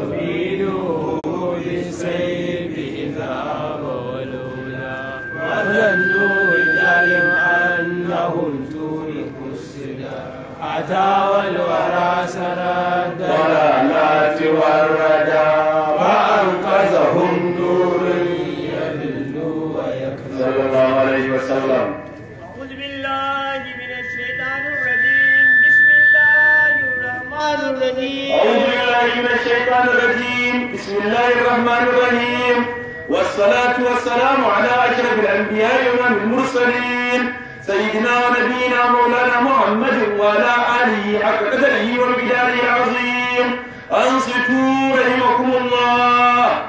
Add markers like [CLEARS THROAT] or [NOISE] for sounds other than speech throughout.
وبيدوه بالسيف إذا غلونا وظنوا الظالم أنهم تورث السدى من الشيطان الرجيم بسم الله الرحمن الرحيم والصلاة والسلام على أشرف الأنبياء ومن المرسلين سيدنا ونبينا مولانا محمد وعلى آله حق قدره والبدار العظيم أنصتوا رحمكم الله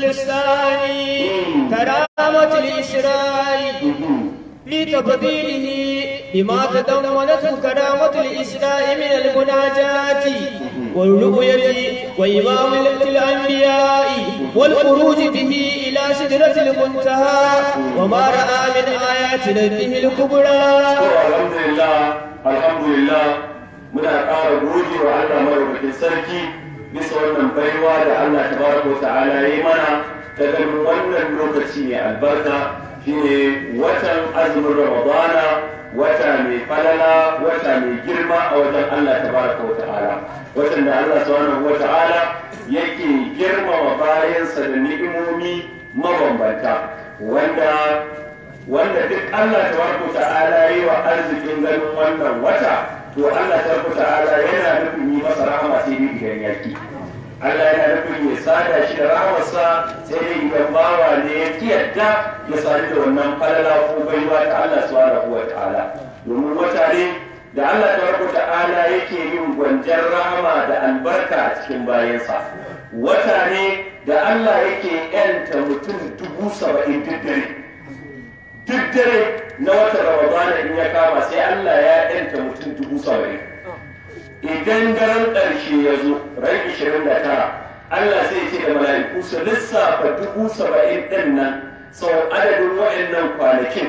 الثاني كرامة الإسرائيل لتفضيله بما تضمنته كرامة الإسلام من المناجاة والرؤية وإمامة الأنبياء والخروج به إلى سدرة المنتهى وما رأى من آيات ربه الكبرى الحمد لله الحمد لله muna ƙara gode wa Allah madaukakin sarki bisa wannan baiwa da Allah tabaraka wa ta'ala ya mana ta wannan lokaci mai albarka shine watan azumin Ramadana wata mai falala wata mai girma a wajen Allah baraka wa ta'ala watan da Allah subhanahu wa ta'ala yake girmama bayansa da ni'imomi mabambanta wanda wanda duk Allah Ta tabaraka ta'ala yi wa arzikin ganin wannan wata to Allah tabaraka ta'ala yana nufin yi masa rahama sai dai idan yaki Allah yana nufin ya sada shi da rawarsa sai dai idan bawa ne ya kiyarta ya sadu da wannan falala ko baiwa ta Allah subhanahu wa ta'ala domin mutane da Allah tabaraka ta'ala yake yin gwanjar rahama da albarka cikin bayansa wata ne da Allah yake yanta mutum dubu saba'in duk dare duk dare na wata ramadana in ya kama sai Allah ya yanta mutum dubu saba'in idan daren ƙarshe ya zo ran ishirin da tara Allah sai ce da mala'iku su lissafa dubu saba'in ɗin nan sau adadin wa'annan kwanakin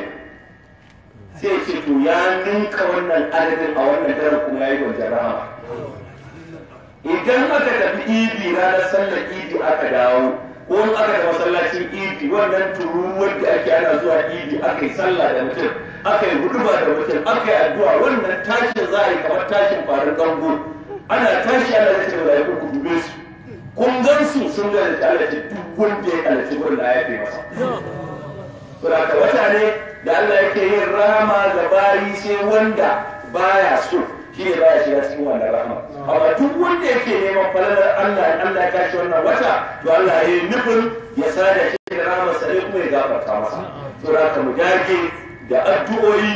sai ce to ya ninka wannan adadin a wannan daren kuma ya yi wajen rahama idan aka tafi ibi ranar sallar ibi aka dawo ko in aka da masallacin idi wannan turu wanda ake ana zuwa idi aka yi sallah da mutum aka yi huduma da mutum aka yi addu'a wannan tashi za a yi kamar tashin farin kango ana tashi ana da ce mala'iku ku dube su kun gan su sun ga da Allah ce duk wanda ya shi gurin da ya fi masa saboda wata ne da Allah yake yin rama ga bayi sai wanda baya so shi ne baya shiga cikin wannan rahama amma duk wanda yake neman falalar Allah Allah ya kashi wannan wata to Allah ya yi nufin ya sada shi da rahama sai kuma ya gafarta masa to da ka mu da addu'o'i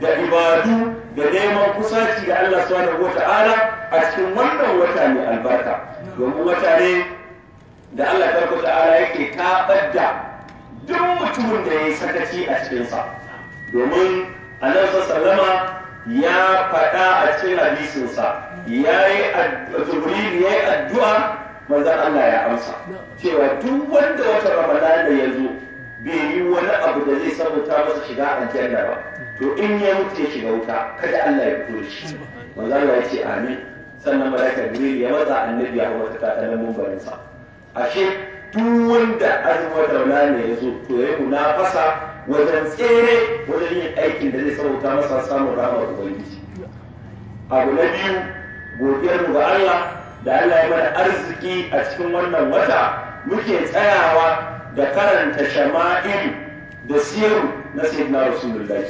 da ibadu da neman kusaci da Allah subhanahu wata'ala a cikin wannan wata mai albarka domin wata ne da Allah tabaraka ta'ala yake tabar da duk mutumin da ya yi sakaci a cikinsa domin annabi sallama ya faɗa a cikin hadisinsa ya yi jibril ya yi addu'a manzan Allah ya amsa cewa duk wanda wata ramadana ya zo bai yi wani abu da zai sabuta masa shiga aljanna ba to in ya mutu ya shiga wuta kada Allah ya fito shi manzan Allah ya ce amin sannan malaika jibril ya matsa annabi ya wata ta ta mumbarin sa ashe duk wanda azumin ramadana ya zo to ya munafasa wajen tsere wajen yin aikin da zai sauta masa samun da ubangiji abu na biyu godiyar mu ga Allah da Allah ya mana arziki a cikin wannan wata muke tsayawa da karanta shama'il da siru na sayyidina rasulullahi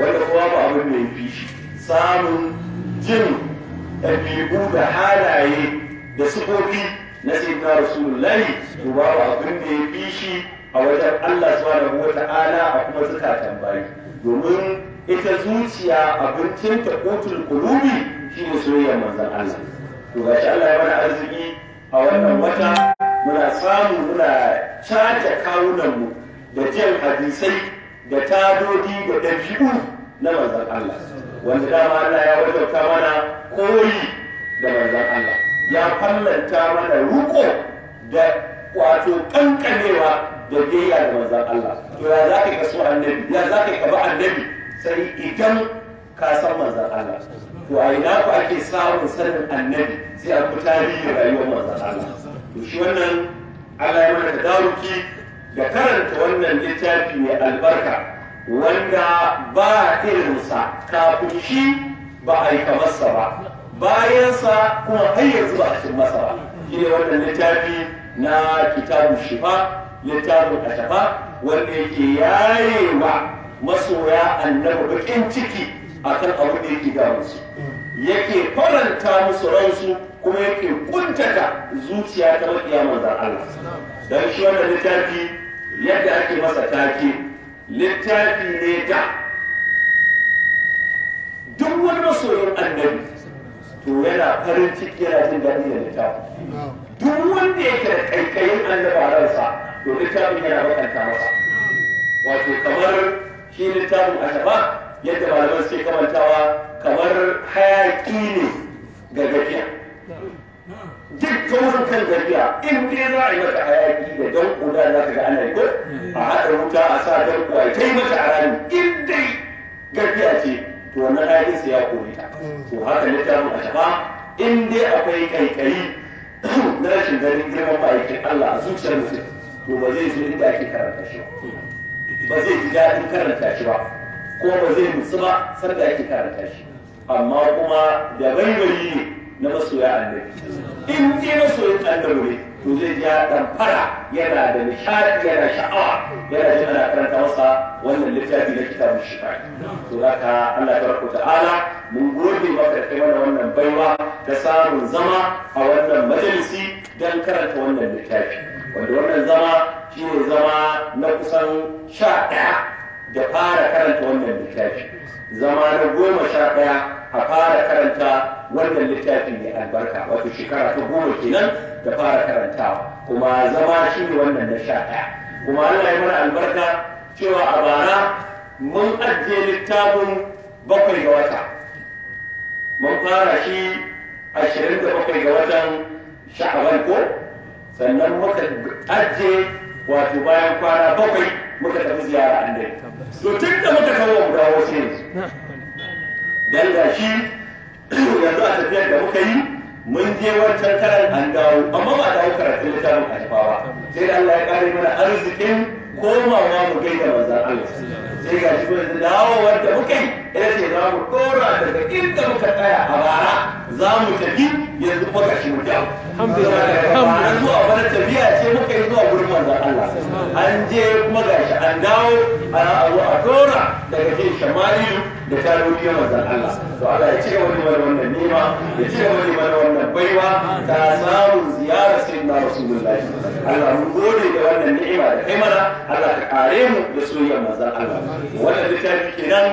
wanda kuma ba abin da ya fi samun jin ɗabi'u da halaye da sifofi na sayyidina rasulullahi to ba abin da ya fi shi a wajen Allah wata ala, a kuma zukatan bayi domin ita zuciya abincin ta kotun kulubi shine soyayyar manzan Allah to shi Allah ya mana arziki a wannan wata muna samu muna caca kawunanmu da jan hadisai da tadodi da ɗabi'u na manzan Allah wanda dama Allah ya wajabta mana koyi da manzan Allah ya fallanta mana ruko da wato kankanewa da biyayya da manzan Allah to ya za ka kaso annabi ya za ka kaba annabi sai idan ka san manzan Allah to a ina ku ake samun sanin annabi sai a kuta biyu rayuwar manzan Allah to shi wannan Allah da da karanta wannan littafi mai albarka wanda ba irinsa kafin shi ba a yi kamarsa ba bayansa kuma har yanzu ba a cin masa ba shi ne wannan littafi na kitabu shifa littafin a tafa wanda yake yayewa masoya annabi bakin ciki akan abu da yake ga musu yake faranta musu ransu kuma yake kuntata zuciya ta makiya manzan Allah don shi wanda littafi yadda ake masa take littafi ne ta. duk wani masoyin annabi to yana farin ciki yana jin daɗi da littafi duk wanda yake da ƙaiƙayin annabaransa to littafin yana bakanta masa wato kamar shi littafin ashaba yadda malaman suke kamantawa kamar hayaki ne ga gafiya duk taurin kan gafiya in dai za a yi mata hayaki da dan da za ka ga ana yi a haɗa wuta a sa danko a kai mata a rami in dai gafiya ce to wannan hayakin sa ya kore ta to haka littafin ashaba in dai akwai kaikayi [COUGHS] na rashin ganin girman ma'aikin Allah a zuciyar mutum to ba zai so inda ake karanta shi ba zai ji daɗin karanta shi ba ko ba zai nutsu ba sanda ake karanta shi amma kuma da baibayi ne na masoya annabi in dai masoyin annabi ne to zai ji ɗan fara yana da nishaɗi yana sha'awa yana jin ana karanta masa wannan littafi na kitabun shifa to haka Allah tabaraka ta'ala mun gode maka kai mana wannan baiwa da samun zama a wannan majalisi dan karanta wannan littafi wanda wannan zama shi ne zama na kusan sha ɗaya da fara karanta wannan littafi zama na goma sha ɗaya a fara karanta wannan littafin mai albarka wato shekara ta goma kenan da fara karantawa kuma zama shi ne wannan na sha ɗaya kuma Allah ya mana albarka cewa a bara mun ajiye littafin bakwai ga wata mun fara shi ashirin da bakwai ga watan sha'aban ko sannan muka ajiye wato bayan kwana bakwai muka tafi ziyara dai to tun da muka kawo mu dawo shi dan ga shi yanzu a tafiyar da muka yi mun je wancan karan an dawo amma ba dawo karatun littafin ashfawa sai da Allah ya kare mana arzikin komawa mu kai da maza Allah sai ga shi kuma dawo wanda muka yi ita ce za mu kora daga inda muka tsaya a bara za mu tafi yanzu kuma ga shi mu dawo alhamdulillah zuwa wani tafiya ce muka yi zuwa gurin manzan Allah an je kuma ga shi an dawo a zo a kora daga jin shamaliyu da kaloliyar mazan Allah to Allah ya ci gaba da mana wannan nema ya ci gaba mana wannan baiwa ta ziyara ziyarar sayyidina rasulullahi Allah mun gode da wannan ni'ima da kai mana Allah ka kare mu da soyayyar manzan Allah wannan littafi kenan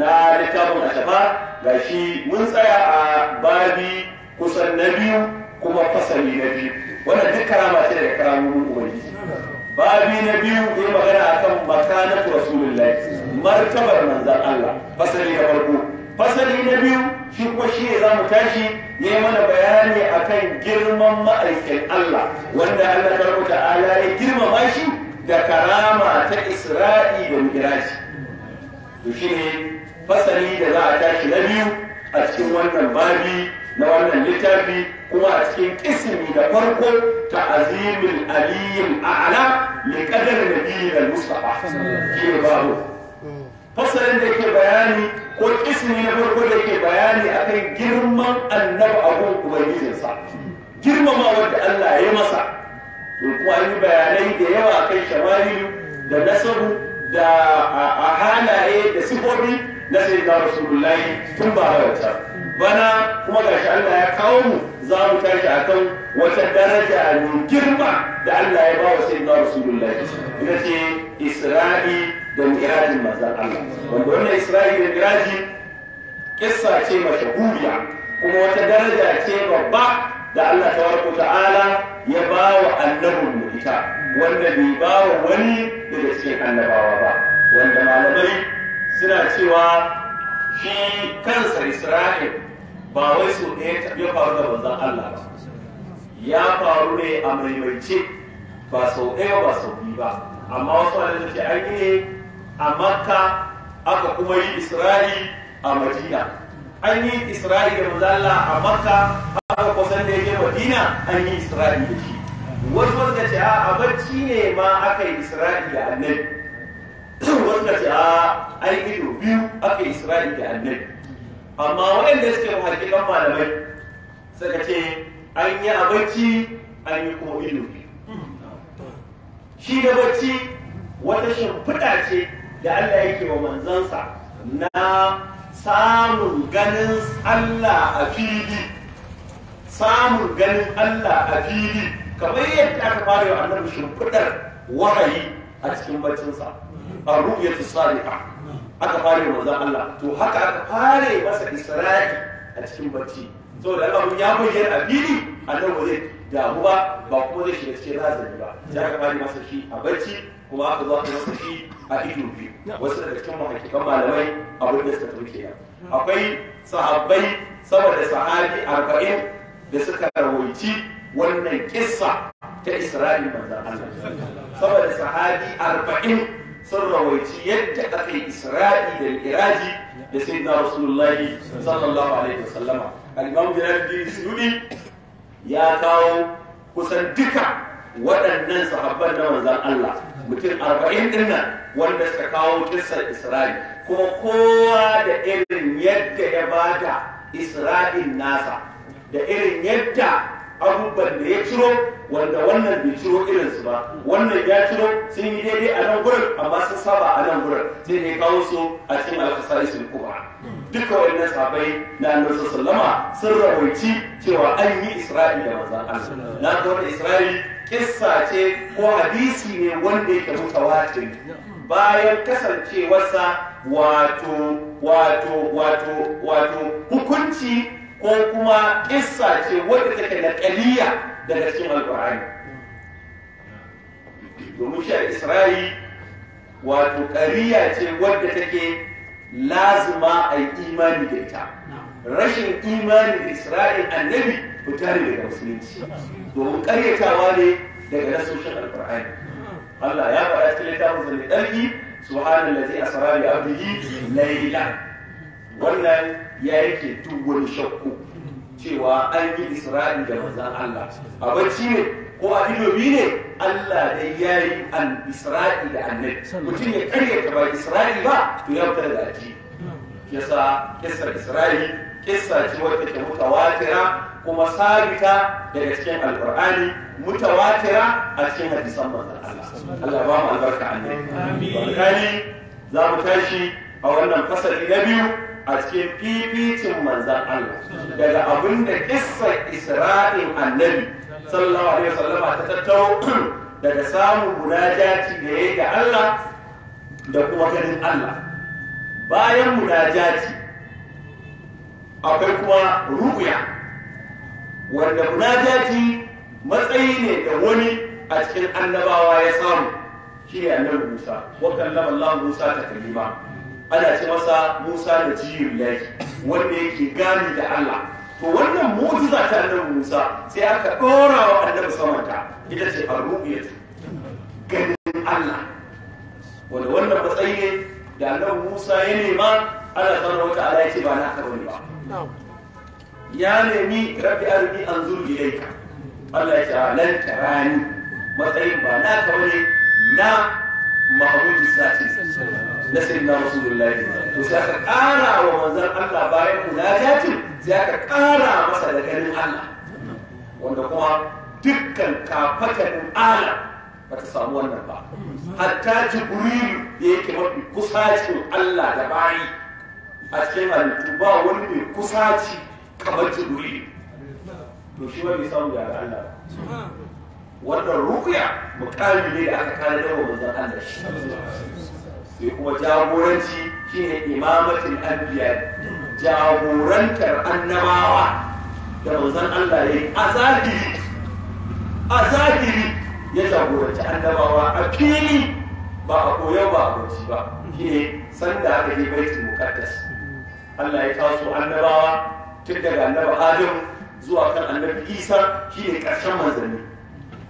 na littafin ashafa ga shi mun tsaya a babi kusan na biyu kuma fasali na biyu wannan duk karama ce daga karamomin ubangiji babi na biyu ya magana akan makanatu rasulullahi martabar manzan Allah fasali na farko fasali na biyu shi ko shi ne zamu tashi ya mana bayani akan girman ma'aikin Allah wanda Allah tabaraka ta'ala ya girmama shi da karama ta Isra'i da Miraji to shine fasali da za a tashi na biyu a cikin wannan babi na wannan littafi kuma a cikin ismi da farko ta azimin aliyin a'ala li qadar nabiyyi al-mustafa shi babu fasalin da ke bayani ko ismi na farko da ke bayani akan girman annabi abun ubangijinsa girmamawar da Allah ya masa to kuma yi bayanai da yawa akan shamari da nasabu da a halaye da sifobi na sayyidina rasulullahi tun ba hawarta bana kuma gashi Allah ya kawo mu za mu tashi akan wata daraja mai girma da Allah ya bawa sai na Rasulullah ina ce Isra'i da Mi'rajin mazan Allah wanda wannan Isra'i da Mi'raji kissa ce mashahuriya kuma wata daraja ce babba da Allah tabaraka ta'ala ya bawa annabin mu ita wanda bai bawa wani daga cikin annabawa ba wanda malamai suna cewa shi kansa Isra'il ba wai so ɗaya ya faru da banzan Allah ba ya faru ne a maimaice ba sau ɗaya ba sau biyu ba amma wasu da ce an yi a makka aka kuma yi isra'i a madina an yi isra'i da Allah a makka aka kusan da ya madina an yi isra'i da shi wasu da ce a bacci ne ma aka yi isra'i da annabi [CLEARS THROAT] wasu da ce a an yi biyu aka yi isra'i da annabi amma waɗanda suke muhakikan malamai suka ce an yi a bacci an yi kuma ilimi shi da bacci wata shimfiɗa ce da Allah yake wa manzansa na samun ganin Allah a fili samun ganin Allah a fili kamar yadda aka fara yau annabi shimfiɗar wahayi a cikin baccinsa a ru'yatu ka. aka fare manzon Allah to haka aka fare masa Isra'i a cikin bacci da Allah ya bayyana a fili a nan waje da ba ba kuma zai shiga cikin razani ba sai aka fare masa shi a bacci kuma aka zo aka masa shi a ido biyu wasu daga cikin mahakikan malamai abin da suka tafi akwai sahabbai saboda sahabi arba'in da suka rawaici wannan kissa ta Isra'i manzon Allah saboda sahabi arba'in sun rawaici yadda aka yi isra'i da iraji da sai na rasulullahi sallallahu alaihi wasallama al'imam jirardi suyudi ya kawo kusan duka waɗannan sahabban na manzan Allah mutum arba'in ɗin wanda suka kawo kisar isra'i kuma kowa da irin yadda ya ba bada isra'in nasa da irin yadda abubuwan da ya ciro wanda wannan bai ciro irinsu ba wannan ya ciro sun yi daidai a nan gurin amma sun saba a nan gurin sai ne kawo su a cikin sun kuma duka wannan sabai na annabi sallama sun rawaici cewa an yi isra'i da maza Allah na ga isra'i kissa ce ko hadisi ne wanda yake mutawatir bayan kasancewarsa wato wato wato wato hukunci ko kuma kissa ce wadda take da kaliya daga cikin alkur'ani domin shi a isra'i wato kariya ce wadda take lazima a yi imani da ita rashin imani da isra'il annabi fita ne daga musulunci domin karyatawa ne daga nasoshin alkur'ani Allah ya faɗa cikin littafin sa ne ɗarki subhanallazi asra bi yi layla wannan ya yake duk wani shakku cewa an yi isra'i da manzan Allah a bacci ne ko a ilomi ne Allah dai ya yi an isra'i da annabi mutum ya karya ka ba isra'i ba to ya fita da aji yasa kissar isra'i kissa ce wadda ke mutawatira kuma sabita daga cikin alqur'ani mutawatira a cikin hadisan manzan Allah Allah ba mu albarka annabi za mu tashi a wannan fasali na biyu a cikin fificin manzan Allah daga abin da kisar isra'in annabi sallallahu alaihi wasallama ta tattau [CLEARS THROAT] daga samun munajati da yayi ga Allah da kuma ganin Allah bayan munajati akwai kuma ruya wanda munajati matsayi ne da wani a cikin annabawa ya samu shi ne annabi Musa wa kallama Allah Musa kalima ana ce masa Musa da Jiyullahi wanda yake gani da Allah to wannan mu'jiza ta annabi Musa sai aka dora wa annabi samanta ita ce ar-ru'yat ganin Allah wanda wannan matsayi ne da annabi Musa ya nema Allah subhanahu wata'ala ya ce ba na haka bane ba ya nemi rabbi arni anzur ilayka Allah ya ce lan tarani matsayin ba na haka bane na Mahmud Sati na sayyidina rasulullahi to sai aka ƙara wa manzan Allah bayan munajatin sai ka ƙara masa da ganin Allah wanda kuma dukkan kafatarin Allah ba ta samu wannan ba hatta jibrilu da yake mafi kusaci Allah da bayi a cikin halittu ba wani mai kusaci kamar jibrilu to shi wani samu ya Allah wannan rukuya mukami ne da aka kare da manzon Allah sai kuma jagoranci shine imamatul anbiya jagorantar annabawa da manzon Allah yayi a zahiri ya jagoranci annabawa a fili ba a koyo ba a koci ba shine sanda aka yi baitul muqaddas Allah ya taso annabawa tun daga annabi Adam zuwa kan annabi Isa shine karshen manzanni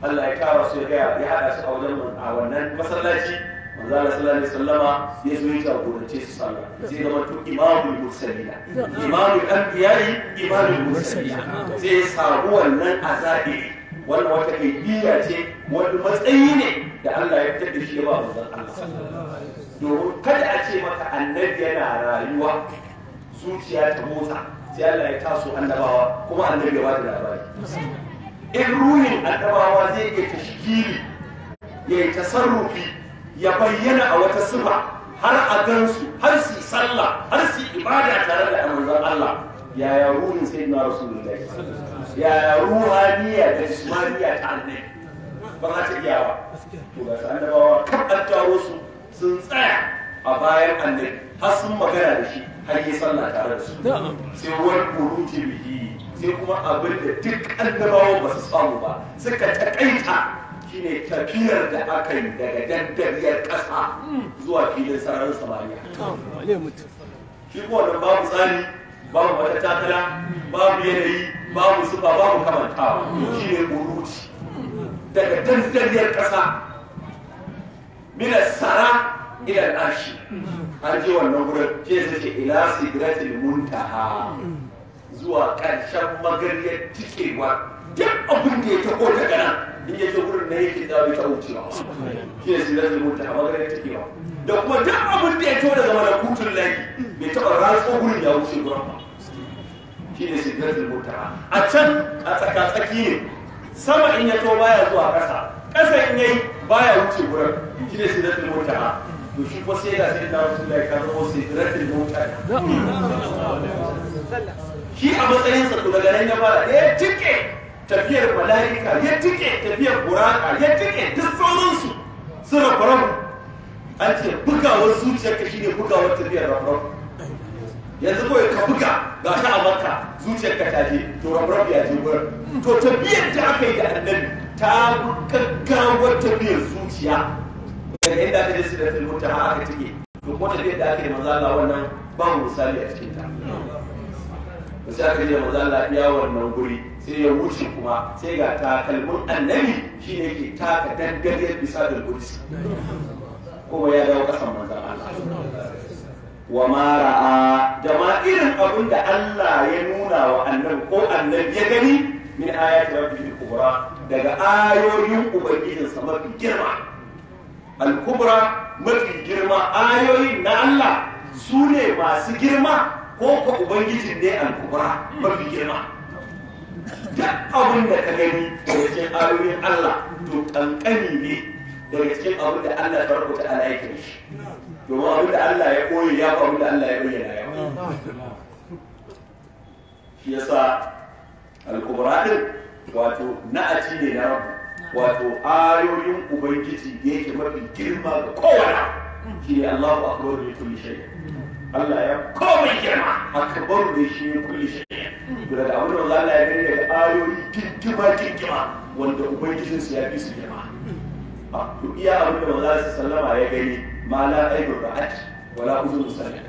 Allah ya kawo su ya ya hada su a a wannan masallaci manzo Allah sallallahu alaihi ya zo ya jagorance su sallah sai zama to imamul mursalina imamul anbiya'i imamul mursalina sai samu wannan azabi wannan wata ibiya ce wani matsayi ne da Allah ya fitar da shi ya ba manzo Allah domin kada a ce maka annabi yana rayuwa zuciya ta motsa sai Allah ya taso annabawa kuma annabi ya bada labari in ruhin annabawa zai iya tashkili ya yi tasarrufi ya bayyana a wata sifa har a gansu har su sallah har su ibada tare da manzon Allah ya ruhin na rasulullahi yaya ruhaniya da ismaniya ta ne ba za ta iya ba to ga kan an taro su sun tsaya a bayan annabi har sun magana da shi har yi sallah tare da su sai wani kuruti bihi sai kuma abin da duk annabawan ba su samu ba suka takaita shine tafiyar da aka yi daga dandaliyar ƙasa zuwa filin sararin samariya. shi kuwa da babu tsari babu wata takala babu yanayi babu sufa babu kamanta, shi ne buruci daga dandaliyar ƙasa mina sara ila al'ashi har je wannan wurin ce sai ce ila sidratil muntaha zuwa ƙarshen magariyar tikewa duk abin da ya taho daga nan in ya zo wurin na yake za ta wucewa shi ne sirar da mutu a maganar take ba da kuma duk abin da ya taho daga mana kutun layi bai taɓa ratsa wurin ya wuce wurin ba shi ne sirar da mutu a can a tsakatsaki ne sama in ya taho baya zuwa kasa ƙasa in yayi baya wuce wurin shi ne sirar da mutu to shi ko sai da sai da wasu da ka zama sai da mutu shi a matsayinsa to daga nan ya fara ɗaya eh, cike tafiyar mala'ika ya tike tafiyar buraka ya tike duk sauransu su rabu an ce bugawar shi shine bugawar tafiyar rabu yanzu kawai ka buga ga ta a makka ka ta je to rabu ya je gurin to tafiyar da aka yi da annabi ta gaggawar tafiyar zuciya daga inda aka je su da filmuta har aka tike to kuma tafiyar da aka yi maza wannan babu misali a cikin ta. Wasu ka je maza Allah wannan guri sai ya wuce kuma sai ga takalmin annabi shi ne ke taka dangare bisa da kudus kuma ya dawo kasan manzan Allah wa mara a ma irin abin da Allah ya nuna wa annabi ko annabi ya gani min ayati rabbil kubra daga ayoyin ubangijinsa mafi girma al-kubra mafi girma ayoyin na Allah su ne masu girma ko ka ubangijin ne al-kubra mafi girma duk abin da ka gani daga cikin ayoyin Allah to kankani ne daga cikin abin da Allah ta rubuta ala ya shi domin abin da Allah ya koyi ya fi abin da Allah ya bayyana ya shi yasa al-kubra din wato na'aci ne na rabu wato ayoyin ubangiji da yake mafi girma ga kowane shi ne Allahu akbar ne kulli Allah ya komai girma akbar ne shi kulli Dura da abin da ya gani daga ayoyi kinkima kinkima wanda Ubangijinsu ya fi su girma. To iya abin da wanzu sallama ya gani ma la aibu ra'at wala uzun musallin.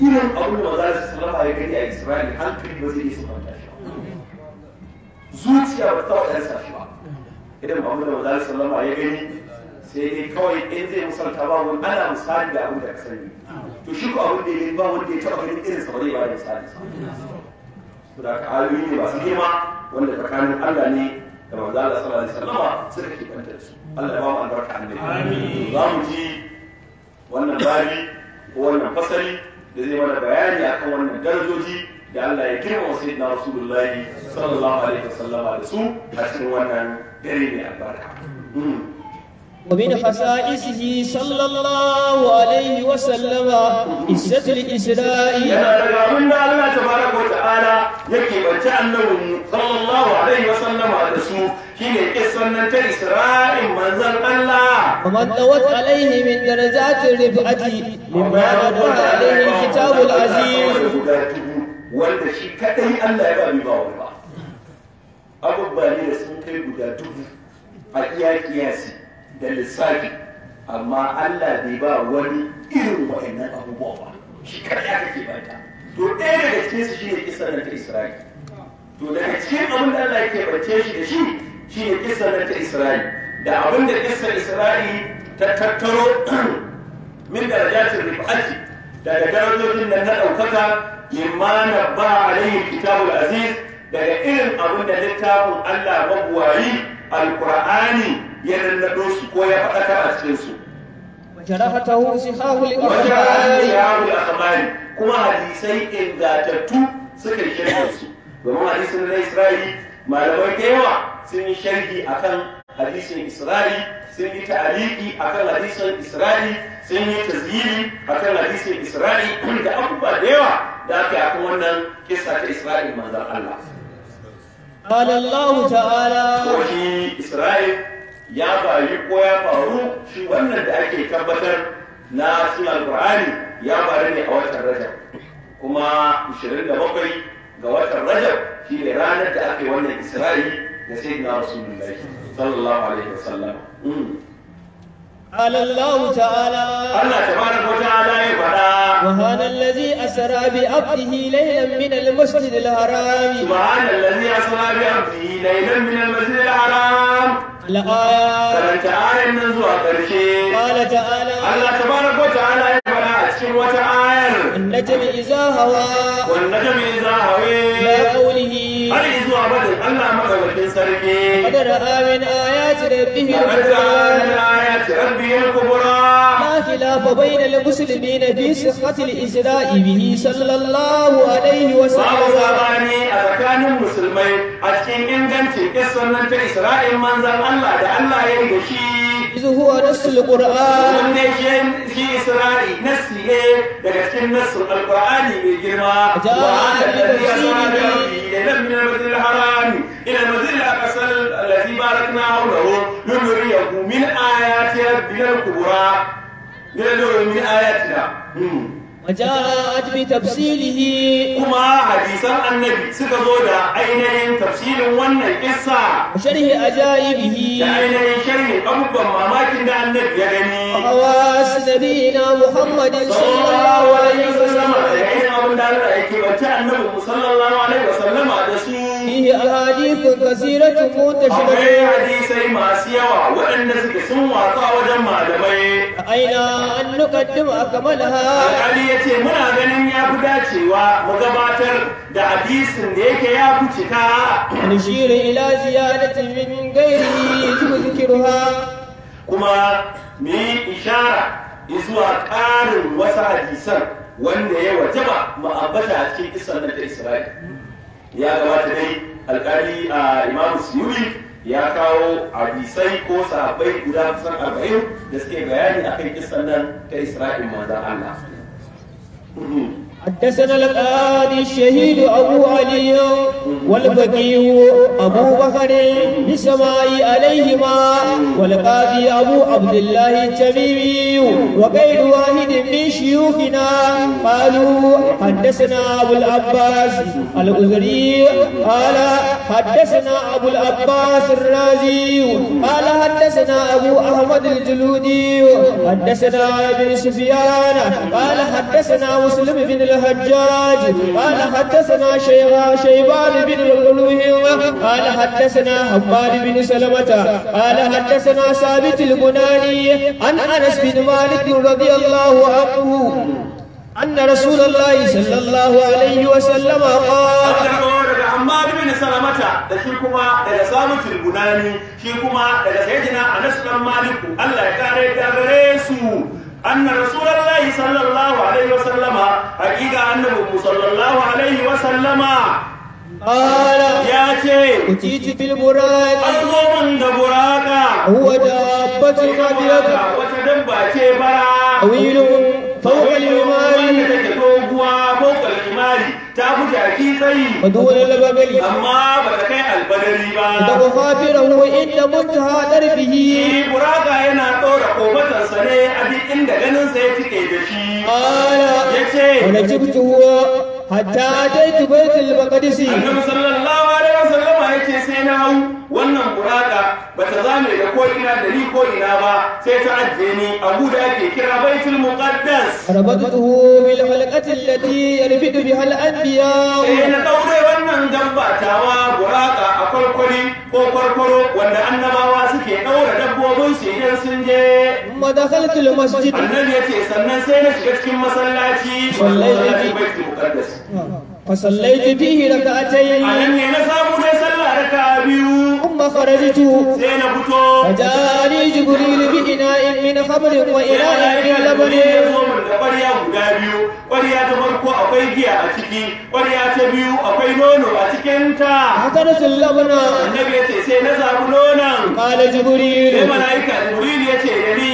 Irin abin da wanzu sallama ya gani a Isra'il hankali ba zai iya sabanta shi ba. Zuciya ba ta wadansa shi ba. Idan abin da wanzu sallama ya gani sai dai kawai in zai misalta ba wani ana misali da abin da ka sani. To shi ko abin da ya gani ba wanda ya taɓa ganin irinsa ba zai ba da misali. guda da ayoyi ne masu girma wanda tsakanin Allah ne da manzo Allah sallallahu alaihi wasallam suka kibanta kanta su Allah ya ba mu albarka annabi amin za mu ji wannan bari ko wannan fasali da zai mana bayani akan wannan darajoji da Allah ya girma wa sayyidina Rasulullahi sallallahu alaihi wasallam da su a cikin wannan dare ne albarka hmm. ومن خصائصه صلى الله عليه وسلم عزة الإسراء yana daga abin da Allah tabaraka wa ta'ala ya keɓance annabin sallallahu alaihi wa sallama da su shine kissan nan ta Isra'in manzon Allah wa madawat alaihi min darajatir rifati mimma wadda alaihi kitabul aziz wanda shi kadai Allah ya ba mi ba ba abubba ne da sun kai guda a iya da lissafi amma Allah bai ba wani irin wa'annan abubuwa ba shi karya kake banta to ɗaya daga cikin su shine kisar nan ta Isra'i to daga cikin abin da Allah yake bace shi da shi shine kisar nan ta Isra'i da abin da kisar Isra'i ta tattaro [CLEARS THROAT] min darajatin rifa'ati daga darajojin nan na ɗaukaka mimma na ba alaihi kitabul aziz daga irin abin da littafin Allah mabuwayi alqur'ani ya nannaɗo su ko ya faɗakar a cikinsu. Jarahatahu a samari? kuma hadisai ingatattu suka shirya su domin hadisin na Isra'i malamai da yawa sun yi sharhi akan hadisin Isra'i sun yi ta'aliki akan hadisin Isra'i sun yi tazhiri akan hadisin Isra'i da abubuwa da yawa da aka akan wannan kisa ta Isra'i manzon Allah. قال الله تعالى وفي إسرائيل ya faru ko ya faru shi wannan da ake tabbatar na cikin alkur'ani ya faru ne a watan rajab kuma 27 ga watan rajab shi ne ranar da aka yi wannan isra'i da sai na rasulullahi sallallahu alaihi wasallam على الله تعالى الله تبارك وتعالى يفعل سبحان الذي أسرى بعبده ليلا من المسجد الحرام سبحان الذي أسرى بعبده ليلا من المسجد الحرام karanta ayan nan zuwa karshe Allah tabaraka wa ta'ala ya fara a cikin wata ayar annajmi iza hawa wan iza hawa la qawlihi har zuwa bada Allah madaukakin sarki qadara amin ayati rabbihi qadara ayati rabbihi kubra خلاف بين المسلمين في صحة الإجراء به صلى الله عليه وسلم kwarai a cikin inganci kisan nan ta isra'il manzan Allah da Allah ya yi da shi zuhuwa nassul qur'an wanda shi shi isra'i nassi ne daga cikin nassul alqur'ani mai girma wa hada alladhi yasara da lam min al-masjid al-haram ila al-masjid al-aqsal alladhi barakna hawlahu nuriyahu min ayati rabbil kubra min ayati hmm. وجاءت بتفسيره كما حديثا النبي سكزودا أينين تفسير ون القصة وشره أجائبه أينين شره أبوبا ما ماكن النبي يغني وخواص نبينا محمد صلى الله عليه وسلم أينين أبو دار الأيكي وجاء النبي صلى الله عليه وسلم على سوء fihi ahadithu kathiratu mutashaddah akwai hadisai masu yawa waɗanda suke sun wasa wajen malamai aina an nukaddimu Alƙali ya yace muna ganin ya fi dacewa mu gabatar da hadisin da yake ya fi cika nushiru ila ziyadatin min ghairi kuma mu ishara zuwa ƙarin wasu hadisan wanda ya wajaba mu a cikin isar da Isra'ila ya gabata dai alkali a imam suyuri ya kawo bisai ko sahabbai guda kusan arba'in da suke bayani a akan kisan nan ta isra'in maza allah حدثنا القاضي الشهيد أبو علي والبكي أبو بكر بسماء عليهما والقاضي أبو عبد الله الجميمي وغير واحد من شيوخنا قالوا حدثنا أبو العباس الأزري قال حدثنا أبو العباس الرازي قال حدثنا أبو أحمد الجلودي حدثنا ابن سفيان قال حدثنا مسلم بن الحسن الحجاج قال حدثنا شيبان شيبان بن الغلوهم قال حدثنا حبان بن سلمة قال حدثنا ثابت البناني عن انس بن مالك رضي الله عنه أن رسول الله صلى الله عليه وسلم قال amma bin salamata da shi kuma daga samun tribunani shi kuma daga sayyidina Anas bin Malik Allah ya kare ta gare su أن رسول الله صلى الله عليه وسلم حقيقة أنه صلى الله عليه وسلم قال يا شيخ أتيت بالبراق أطلب من براقا هو دابة قبلك وتدبى شيء برا طويل فوق اليمار فوق dinari ta fi jaki tsayi wa duwani lababali amma ba ta kai albadari ba da muhafiran wa inda mutu hadar bihi buraka yana ɗora komatarsa ne a duk inda ganin sa ya ƙai da shi ya ce wani jibtuwa hatta ataitu baitul maqdisi annabi sallallahu alaihi wasallam ce sai na hau wannan kuraka bata zame da ko ina da ni ko ina ba sai ta ajje ni abu da ake kira baitul muqaddas rabatuhu bil halqati allati yarfidu biha al anbiya sai na daure wannan gambatawa kuraka a kwarkwari ko kwarkwaro wanda annabawa dabbobin su idan sun je madakhaltul masjid annabi yace sannan sai na shiga cikin masallaci wallahi baitul muqaddas fa sallaitu fihi rak'atayn anan ne na samu dai raka biyu umma kharajtu sai na fito fajani jibril bi ina'in wa ƙwarya guda biyu ƙwarya ta farko akwai giya a ciki ƙwarya ta biyu akwai nono a cikin ta haka da sun labana annabi ya ce sai na zaɓi nonon kala jibril sai mala'ika jibril ya ce da ni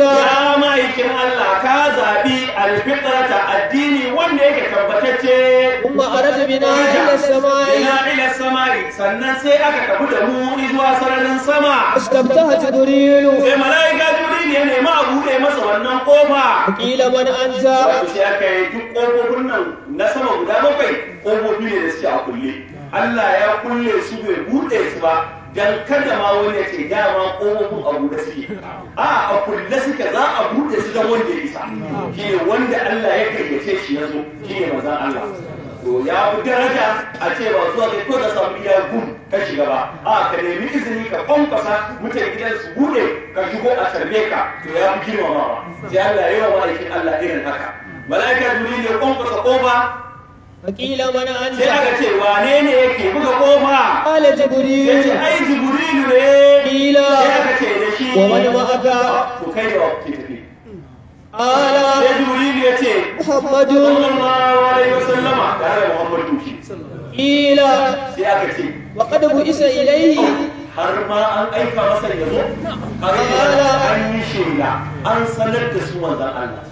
ya ma'aikin Allah ka zaɓi alfitrata addini wanda yake tabbatacce kuma arada bina ila samai bina ila samai sannan sai aka tafi da mu zuwa sararin sama istabtaha jibrilu sai malaika jibril ya nemi a bude masa wannan kofa kila man anja sai aka yi duk kofofin nan na sama guda bakwai kofofi ne da suke a kulle Allah ya kulle su bai bude su ba dan kada ma wani ya ce dama ƙofofin a buɗe suke a a kulle suke za a buɗe su dan wanda ya isa shi ne wanda Allah ya gayyace shi yanzu shi ne manzon Allah to ya fi daraja a ce ba zuwa kai ko da samu iya gum ka shiga ba a ka nemi izini ka kwamfasa mutane gidan su buɗe ka shigo a tarbe ka to ya fi girmamawa sai Allah ya yi wa ma'aikin Allah irin haka mala'ika duni ne kwamfasa ƙofa Wakila mana an Sai aka ce wane ne yake buga kofa? Kala Jibril. Ya ce ai Jibril ne. Kila. Sai aka ce da shi. Wa wani ma'aka. Ku kai da wakili. Ala. Sai Jibril ya ce. Muhammadu. Sallallahu alaihi wasallama. Tare da Muhammadu shi. Kila. Sai aka ce. Wa qad bu isa ilayhi. Oh, har ma an aika masa ya zo kaga an yi shela an sanar da su manzon Allah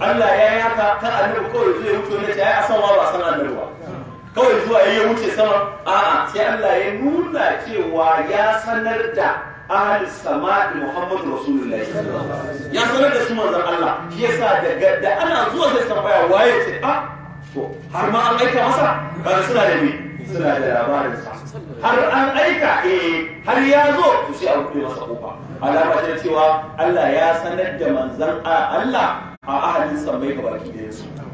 Allah ya yaka haka kar annabi kawai zai wuce ne ta ya san ba san annabi ba kawai zuwa ya wuce sama a'a sai Allah ya nuna cewa ya sanar da ahli sama'i Muhammadu Rasulullahi ya sanar da su manzon Allah shi yasa daga da ana zuwa sai tambaya waye ce a ah, to har ma an aika masa kaga suna da ni. suna da labarinsa har an aika eh har ya zo to sai a rufe masa kofa alama ta cewa Allah ya sanar da manzon Allah a ahalin sammai ga baki da yasu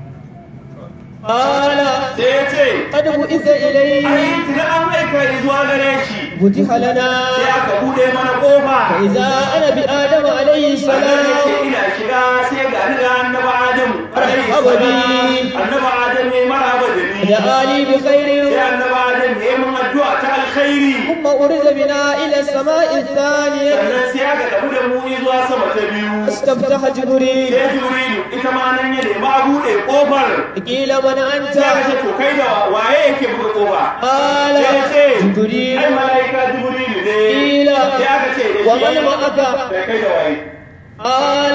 Kala sai ya ce, Kada mu isa ilai. Ai, tuni an mai kai zuwa gare shi. Buti halana. Sai aka bude mana kofa. Ka za ana bi Adamu alaihi salam. ya ce ina shiga sai ga ni da annabi Adamu. Marhaba bi. Annabi Adamu ya mara da ni. Da ali bi khairin. Sai annabi Adamu ya yi mun addu'a ta tsairi kuma urida ila sama'i thaniya sannan sai aka tafi da mu zuwa sama ta biyu istaftaha jibril sai jibril ita ma nan ya nemi a buɗe kofar kila man anta sai to kai da waye yake buɗe kofa qala jibril ai malaika jibril ne kila sai ce wa man ma'aka kai da waye قال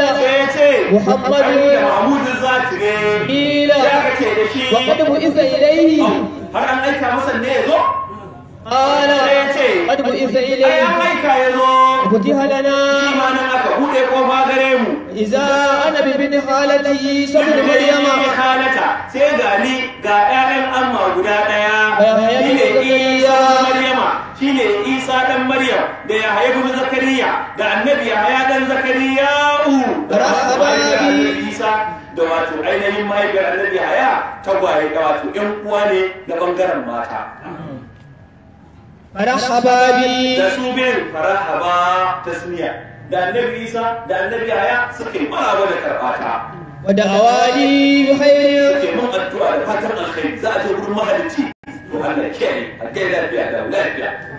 محمد محمود الذات قيل وقد بئس إليه هل أنت مسلم قال قد بعث ma أي أيكا يزو فتح لنا mu. Iza بوئي قوفا غريمو إذا أنا ببن خالتي سبن مريم خالتا سيغالي ga أما amma guda ɗaya. Shi shine Isa ɗan Maryam da Yahaya ibn Zakariya da Annabi Yahaya dan Zakariya Rahababi da wato ainihin mahaifiyar Annabi Yahaya tagwaye da wato ƴan uwa ne na ɓangaren mata marhaba da su bin marhaba tasmiya da annabi isa da annabi aya suke maraba da karbata wa da awali bi khairin suke mun da fatan alkhairi za a je gurin mahalicci to Allah kiyaye a kai lafiya da lafiya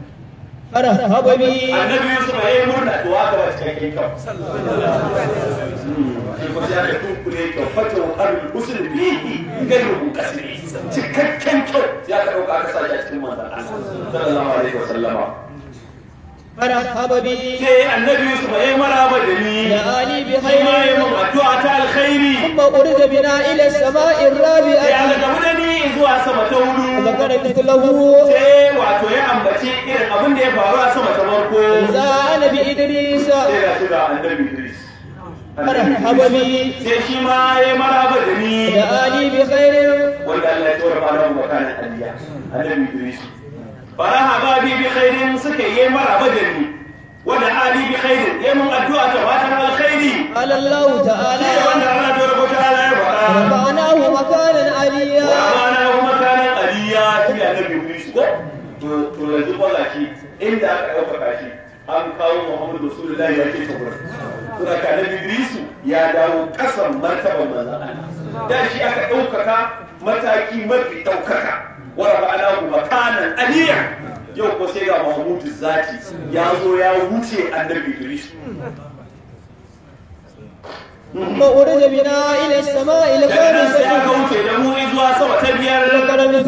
marhaba bi annabi yusuf yayi murna to haka ba cikin kan sallallahu alaihi wasallam ko kule ka fato al usul bihi gairu kasri cikakken kyau ya ka dauka ka saki a cikin manzon Allah sallallahu alaihi wasallam marhaba bi sai annabi yusuf yayi marhaba da ni ya ali bi hayri ma yayi mun addu'a ta alkhairi kuma urida bina ila sama'i rabi'a ya ga mu da ni zuwa sama ta hudu zakara lahu sai wato ya ambace abin da ya faru a sama ta farko za annabi idris sai ya shiga annabi idris marhaba sai shi ma ya maraba da ni da ali bi khairin wanda Allah ya tura kana aliya annabi idris marhaba bi bi khairin suka yi maraba da ni wanda ali bi khairin ya mun addu'a ta fatan alkhairi Allah ta'ala wanda Allah ta rubuta ala ya fara rafa'nahu aliya yanzu wallahi inda aka ɗaukaka shi an kawo Muhammadu Rasulullahi ya ke kabura suna ka na Idrisu ya dawo ƙasan martaban manzon Allah da shi aka ɗaukaka mataki mafi ɗaukaka ana alahu kanan aliya yau ko sai ga Mahmudu Zaki ya zo ya wuce annabi Idris ma wuri da bina ila sama ila kwanin sai ya ga wuce da mu zuwa sama ta biyar da kada mu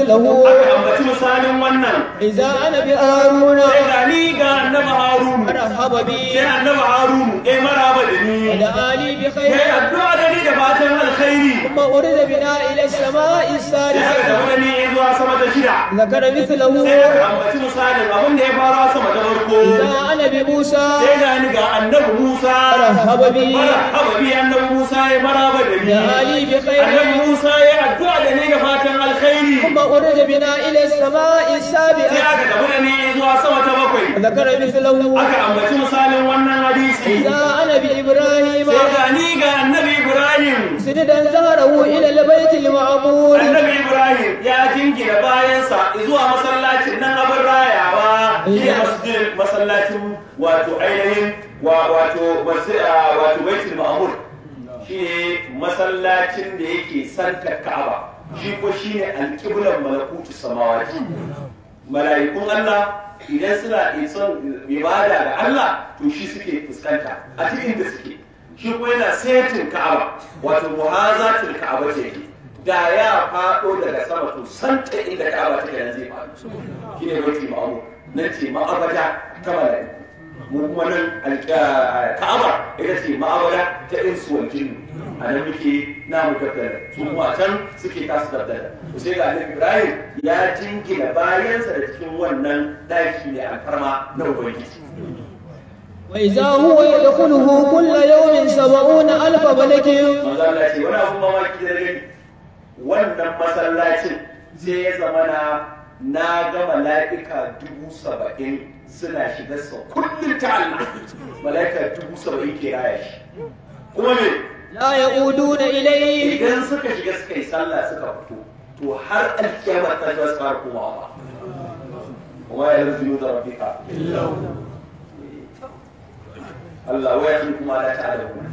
su misalin wannan idza ana bi aruna sai ga ni ga annabi harun marhaba bi sai annabi harun eh marhaba da ni da ali bi khair sai addu'a da ni da fatan alkhairi ma wuri da bina ila sama isari sai ga mu ne zuwa sama ta shida da kada mu su lahu sai ga ambaci misalin abin da ya fara sama ta farko idza ana bi musa sai ga ni ga annabi musa marhaba bi marhaba bi annabi Musa ya maraba da ni annabi Musa ya addu'a da ni ga fatan alkhairi kuma urja bina ila samai sabi'a sai aka tafi da ni zuwa sama ta bakwai zakara mislahu aka ambaci misalin wannan hadisi ya annabi Ibrahim sai ga ni ga annabi Ibrahim sididan zaharahu ila albayti al-ma'mur annabi Ibrahim ya jingina bayansa zuwa masallacin nan abin raya ba. rayawa iya masallacin wato ainihin wato wato baitul ma'mur shine masallacin da yake santa ka'aba shi ko shine alƙiblar malakutu samawati mala'ikun Allah idan suna son ibada da Allah to shi suke fuskanta a cikin da suke shi ko yana sayatin ka'aba wato muhazatul ka'aba ce yake da ya faɗo daga sama to santa inda ka'aba take yanzu zai faɗo shine mafi ma'amu na ce ma'abada ta mala'iku mu kuma nan ka'aba ita ce ma'abara ta in wal jinnu a nan muke namu daddare su kuma can suke tasu daddare to sai ga ibrahim ya jingina bayansa da cikin wannan daki ne alfarma na ubangiji وإذا هو يدخله كل يوم سبعون ألف ملك مزلاتي ولا هم ما كدرين wannan masallacin sai ya zamana na gama mala'ika dubu saba'in suna shiga sa kullum ta Allah malaika dubu saba'in ke raya shi kuma me la yaudu da ilai. idan suka shiga suka yi sallah suka fito to har alkiyama ta zo su fara komawa ba kuma ya yanzu da rabbika Allah wa yakhluqu ma la ta'lamun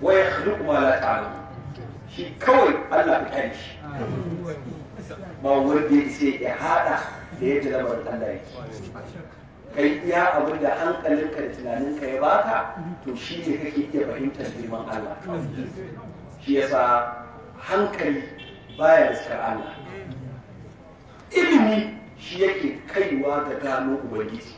wa yakhluqu ma la ta'lamun shi kawai Allah ka kare shi ba wanda ya ce ya hada da yadda lamarin Allah yake kai iya abin da hankalinka da tunaninka ya baka to shi ne kake iya fahimtar girman Allah shi yasa hankali baya riskar Allah ilimi shi yake kaiwa ga gano ubangiji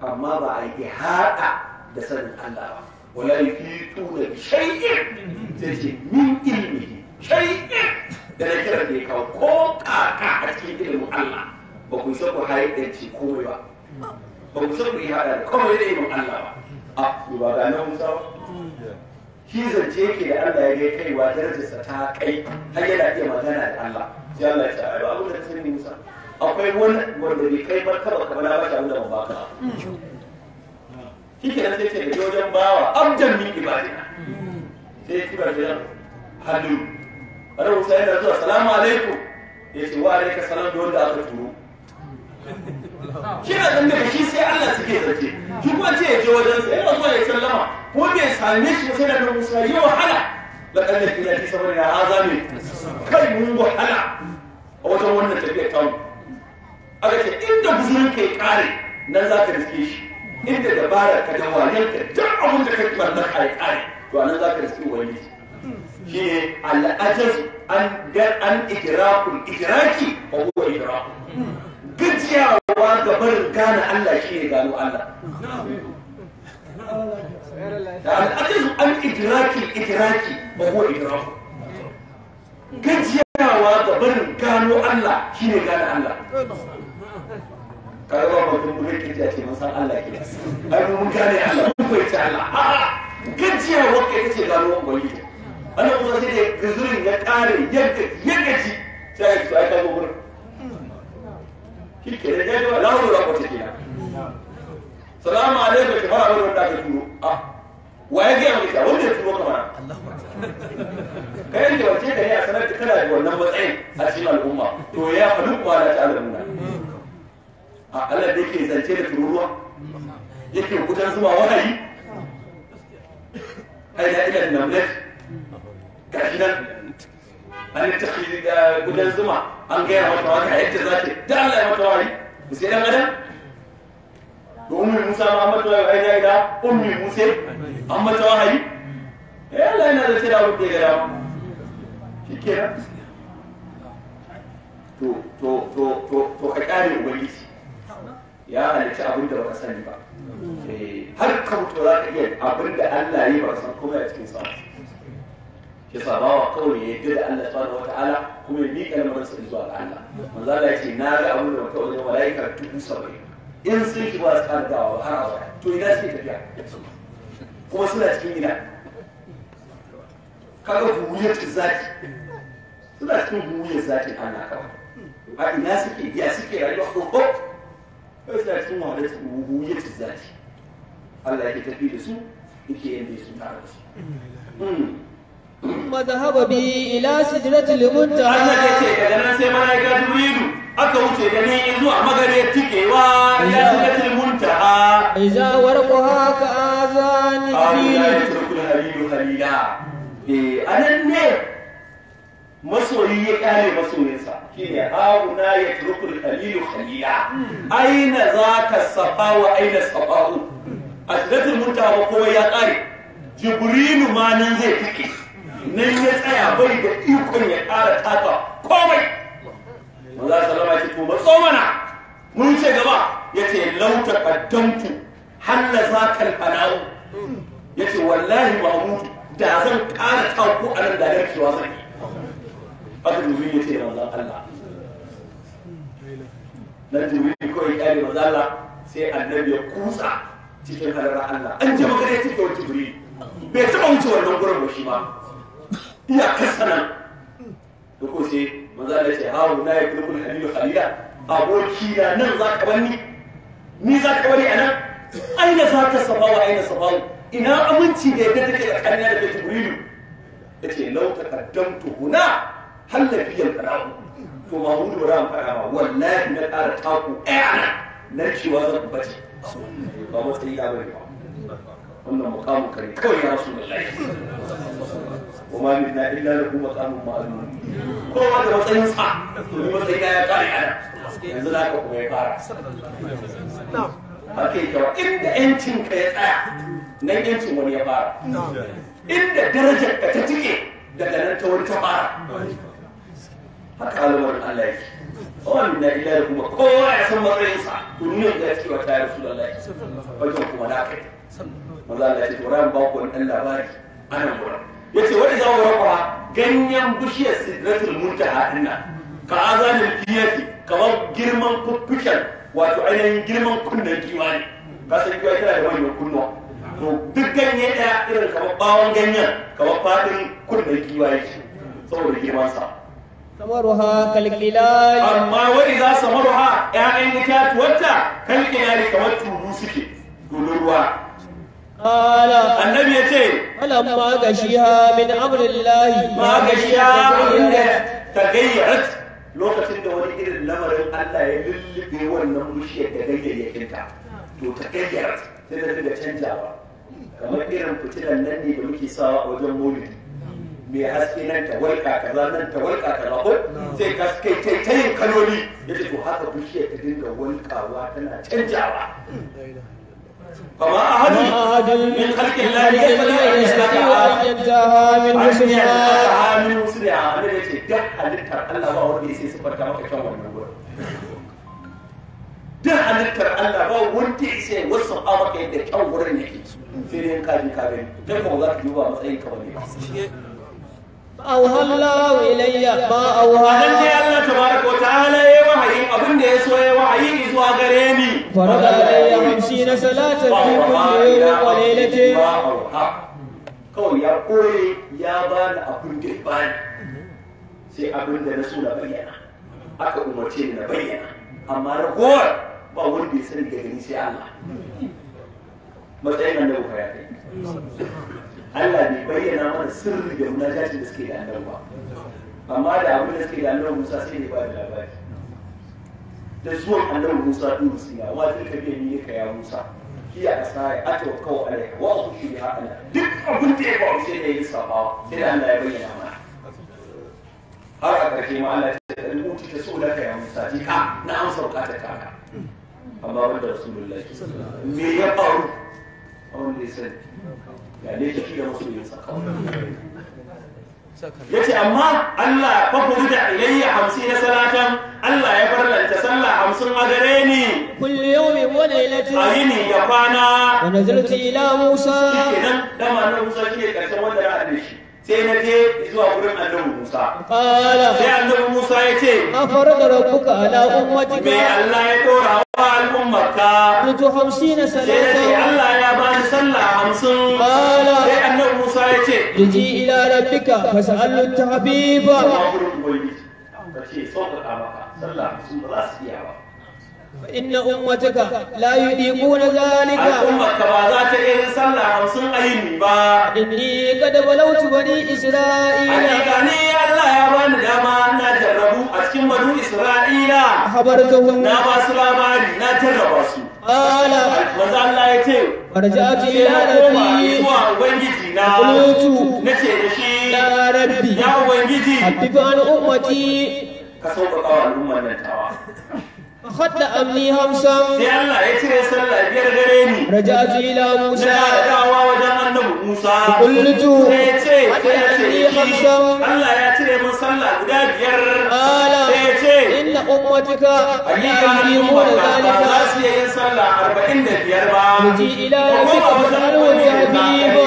amma ba a yi haɗa da sanin Allah ba wala yuhitu da shai'in da ce min ilimi shai'in da na kira da ya kawo ko kaka a cikin ilimin Allah ba ku isa ku haɗa ce komai ba ba mu san yi kuma da Allah ba a ba ga Musa ba yake da Allah ya kaiwa darajarsa ta kai yana iya magana da Allah sai Allah ba da ta sani Musa akwai wanda bai kai martaba kamar na baka da ban da bawa ya zuwa salamu alaikum ya ce wa salon salam da aka turu. kira nan daga shi sai Allah suke zake shi kuma ce ya je wajen sai ya zuwa ya sallama ko bai same shi sai da nan musa ya wahala la kan yake da saboda ya azami kai mun wahala a wajen wannan tafiyar ta mu aka ce inda buzurin kai kare nan za ka riske shi inda dabara ka da wajen ka duk abin da kai barna kai kare to nan za ka riske wani shi ne al'ajaz an an idrakul idraki wa huwa idrakul gajiyawa ga barin gane Allah shi ne gano Allah da al'adun an idiraki idiraki ba ko idiraku gajiyawa ga barin gano Allah shi ne gane Allah karuwa ba kun buhe ke ce mun san Allah ke ai mun gane Allah mun fahimci Allah a gajiyawa ke ce gano ubangiji wannan kuma sai da gazurin ya kare yadda ya gaji sai ya ci ai ka zo gurin shi ke da gaiwa na ka fara wani wanda ka turo turo kai da wace da sanar da wannan matsayin a cikin al'umma to ya faɗi kuma ta al'umma a yake zance da tururuwa yake gudan zuwa wahayi ai da ina da nan an tafi gudan zuma an gaya mata wata yadda za ta da Allah ya mata wari musa dan adam da ummi musa ma mata wari ai da ummi musa an mata wahayi eh Allah yana da tira wuce ga yawa shikenan to to to to to ka kare ubangiji ya halitta abin da baka sani ba eh, har ka mutu ka iya abin da Allah ya yi ba san komai a cikin sa yasa bawa kawai ya yarda da Allah subhanahu wataala kuma ya miƙa lamarin zuwa ga Allah manzo Allah ya na ga abin da kawai wajen malaika dubu saba'in in sun ki ba su ƙarfawa ba har abada to ina suke tafiya kuma suna cikin ina kaga buwuyar zaki suna cikin buwuyar zakin Allah kawai a ina suke ya suke rayuwa ko ko suna cikin wahalar buwuyar zaki Allah ya ke tafi da su yake yin da su tare da su mazhaba bi ila sidratil muntaha Allah ya ce daga nan sai malaika Jibrilu aka wuce da ni zuwa magare tikewa ila sidratil muntaha iza warqaha ka azani fili eh anan ne masoyi ya kare masoyinsa shine hauna ya turkul khalilu khalila aina zaka safa wa aina A asidatul muntaha kowa ya kare jibrilu ma nan zai tike nan ya tsaya bai da ikon ya ƙara taka komai maza salama ya ce to matso mana mun ce gaba ya ce lauta ƙaddamtu halla za ka alfana'u ya ce wallahi ba mutu da zan ƙara tako a nan da narkewa zan yi aka dubi ya ce manzan Allah nan dubi kawai ƙyale manzan Allah sai annabi ya kutsa cikin halarar Allah an ji magana ya ce kawai jibril bai taɓa wuce wannan gurin ba shi ba iya kasanan da ko sai maza da ce na ya kulkul halilu khalila aboki na nan za ka bani ni za ka bani a nan aina za ka sabawa aina sabawa ina aminci da yadda take tsakanin da jibrilu yace law taqaddamtu huna hallafi al qalam to ma mun dora an fara ma wallahi na ƙara taku ɗaya na narkewa zan bace ba matsayi ya bane ba wannan mukamin kare kawai ya rasulullahi wa ma minna illa lahu maqamun ma'lum kowa da matsayin sa domin matsayin ya kare ana yanzu za ka kuma ya fara haka yake inda yancin ka ya tsaya nan yancin wani ya fara inda darajar ka ta tike daga nan ta wani ta fara haka al'amarin Allah yake wannan na ila kowa ya san matsayinsa duniyar da cewa ta yi rasu lallai wajen kuma na kai maza Allah ya ce to ba ya ce wani zama rakwara ganyen bishiyar sidratul muntaha din nan ka azanin iyaki kamar girman kuffiken wato ainihin girman kunnen kiwa ne ka san kiwa tana da manyan kunnuwa to duk ganye ɗaya irin kamar bawon ganyen kamar faɗin kunnen kiwa yake saboda sa samaruha kalkilali amma wani za samaruha ƴaƴan itatuwarta kalkilali kamar tulu suke dole ruwa annabi ya ce falan ma gashiha min da lokacin da wani irin lamarin Allah ya lullube wannan bishiyar da gayyayyakinta to tagayyarat sai da daga canjawa kamar irin fitilan nan ne da muke sawa a wajen mulki mai haske nan ta walƙa kaza nan ta walƙa kaza ko sai ka kai tai tayin kaloli yace to haka bishiyar ta dinga walƙawa tana canjawa فما أحد من خلق الله يستطيع يستطيع يدها من مسلمة عامل مسلمة عامل من ده حلتها آه، الله وهو يسي سفر كما كان ونقول ده حلتها الله وهو وانت يسي وصل أمرك يدك أو ورنك سيرين كاجي كابين ده هو ذاك جوا مسأين كمان auha Allah ilayya ba auha dan dai Allah tabaraka wa ta'ala yayi abin da ya so yayi wahayi zuwa gare ni farada ilayya 50 salatan fi kulli yawmin wa laylatin ya koye ya bani abin da ya bani sai abin da na so na bayyana aka umarce ni na bayyana amma ragowar ba sai Allah ya kai Allah bai bayyana mana sirri da munajati da suke da annabi ba amma da abin da suke da annabi Musa sai ne ba da labari da zuwan annabi Musa din siya wa zai ka ni ne ka ya Musa shi a asai atawakkau alaihi wa ushi bi Allah duk abin da ya ba sai da yi sabawa sai Allah ya bayyana mana har a ƙarshe ma Allah ya ce in mutu ta so da ka ya Musa ji ka na amsa bukatar ka amma wanda rasulullahi me ya faru a wanda ya sani yace ne shi da masoyinsa ya ce amma Allah fafu da ilayya hamsin na salatan Allah ya farlanta sallah hamsin a gare ni kulli yawmi wa lailatin ayini da kwana wani nazartu ila musa kenan dama na musa shi ne karshen wanda za a shi sai na je zuwa wurin annabi Musa. Sai annabi Musa ya ce, An fara da rabbuka ala ummati Me Allah ya dora wa al'ummarka. Mutu hamsin na salata. Sai na Allah ya ba ni sallah hamsin. Sai annabi Musa ya ce, Yaji ila rabbika fas'alu tahbiba. Ka ce sauƙaƙa maka sallah hamsin ba za su iya ba. inna ummataka la na zalika al'ummaka ba za ta yi sallah hamsin ayini ba inni qad balawtu bani isra'ila gani Allah ya bani dama na jarrabu a cikin bani isra'ila habartuhum na ba labari na jarraba su ala ya ce farja'tu ila na qultu nace da shi ya rabbi ya ubangiji habibu an ummati ka sauƙaƙa wa al'ummar nan فخد أمنيهم سم سيالله يتري سلا بير غريني رجعت إلى موسى لا دعوة وجن النبو موسى قلت سيأتي خمسم الله يتري من سلا قدا بير قال إن أمتك يعلمون ذلك راسي يسلا أربعين بير با نجي إلى ربك فسألوا الزهبيب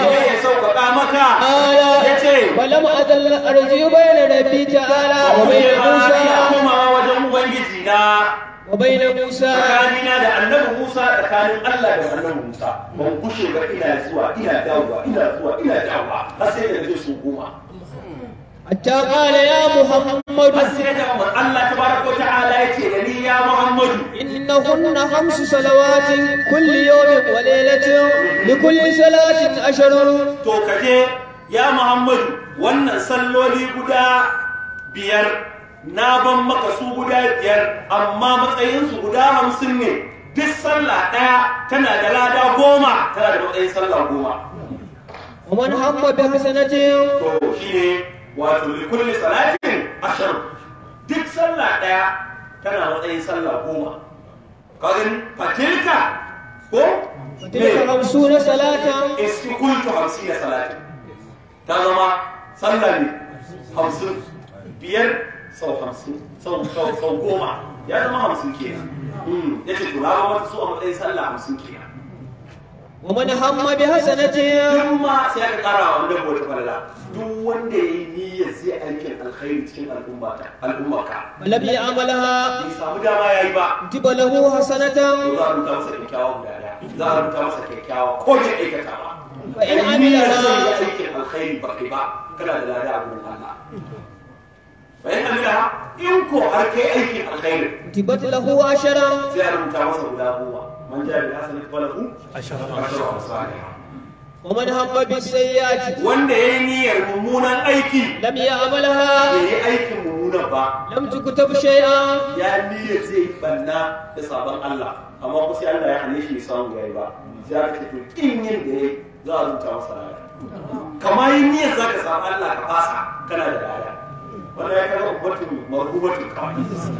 قال ولم أزل أرجو بين ربي تعالى وبين موسى وبين موسى وبين موسى wa bayna Musa da annabi Musa tsakanin Allah da annabi Musa ban kushe ba ina zuwa ina dawowa ina zuwa ina dawowa har sai da je su goma hatta ya muhammadu har sai da mun Allah tabaraka wa ta'ala yace da ni ya muhammadu innahunna hamsu salawatin kulli yawmin wa laylatin salatin asharun ya muhammadu wannan salloli guda biyar na ban maka su guda biyar amma matsayinsu guda hamsin ne duk sallah ɗaya tana da lada goma tana da matsayin sallah goma na هم بحسنة to shi ne wato likulli salatin ashar duk sallah ɗaya tana matsayin sallah goma Kazin fatilka ko fatilka hamsuna salatan hamsi na salatin ta zama sallah ne hamsin biyar sau hamsin sau sau goma ya zama hamsin kenan hmm. ya ce kula ba wata su a matsayin sallah hamsin kenan ومن هم بحسنة ثم سيقرا wanda bai falala duk wanda yayi niyyar zai aikin alkhairi cikin al'umma ta al'umma ka labi amalaha bi samu dama yayi ba tibalahu hasanatan za a rubuta masa kyakkyawa guda daya za a rubuta masa kyakkyawa ko ya aikata ba fa in amila aikin alkhairi ba ba kana da Ladi a bayan amila in ko har kai aikin alkhairi tibat lahu ashara sai a rubuta masa guda goma man ja bi hasan falahu ashara ashara salih wa man hamma bi sayyiati wanda yayi niyyar mummunan aiki lam ya'malha yayi aikin mummunan ba lam tukutab shay'a ya niyyar zai banna da sabon Allah amma ku sai Allah ya hane shi samu yayi ba sai aka ce yin da za a zaka samu Allah ka fasa kana da daya wala ya kama ubatun marhubatun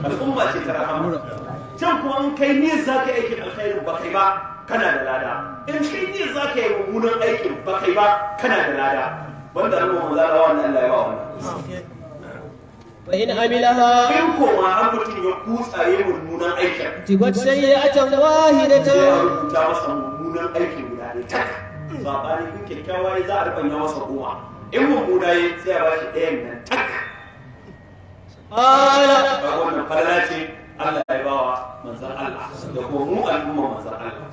al'umma ce ta rahama can kuma in kai ne za ka yi aikin alkhairin ba kai ba kana da lada in kai niyyar za ka yi mummunan aikin ba kai ba kana da lada banda al'umma mu zara wannan Allah ya ba wannan wa in amilaha in ko ma har mutum ya kutsa yi mummunan aikin jibat sayyi'atan wahidatan rubuta masa aikin guda ne za a masa goma in mummuna ya sai bashi ɗayan nan tak ala ga wannan fara ce Allah ya bawa manzar Allah da komu al'umma manzar Allah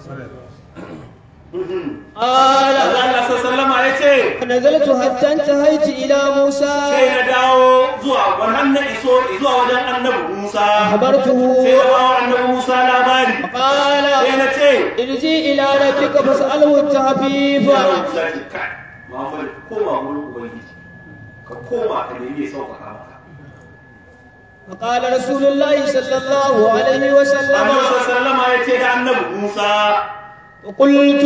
ala Allah Allah sallama ya ce nazaltu hatta ta haiji ila Musa sai na dawo zuwa wannan na iso zuwa wajen annabi Musa habartu sai na bawa annabi Musa labari ala sai na ce inji ila rabbika fasalhu tahfifa ma'amul koma mulku wani ka koma ka nemi sauka فقال رسول الله صلى الله عليه وسلم عليه وسلم يتيد عن موسى وقلت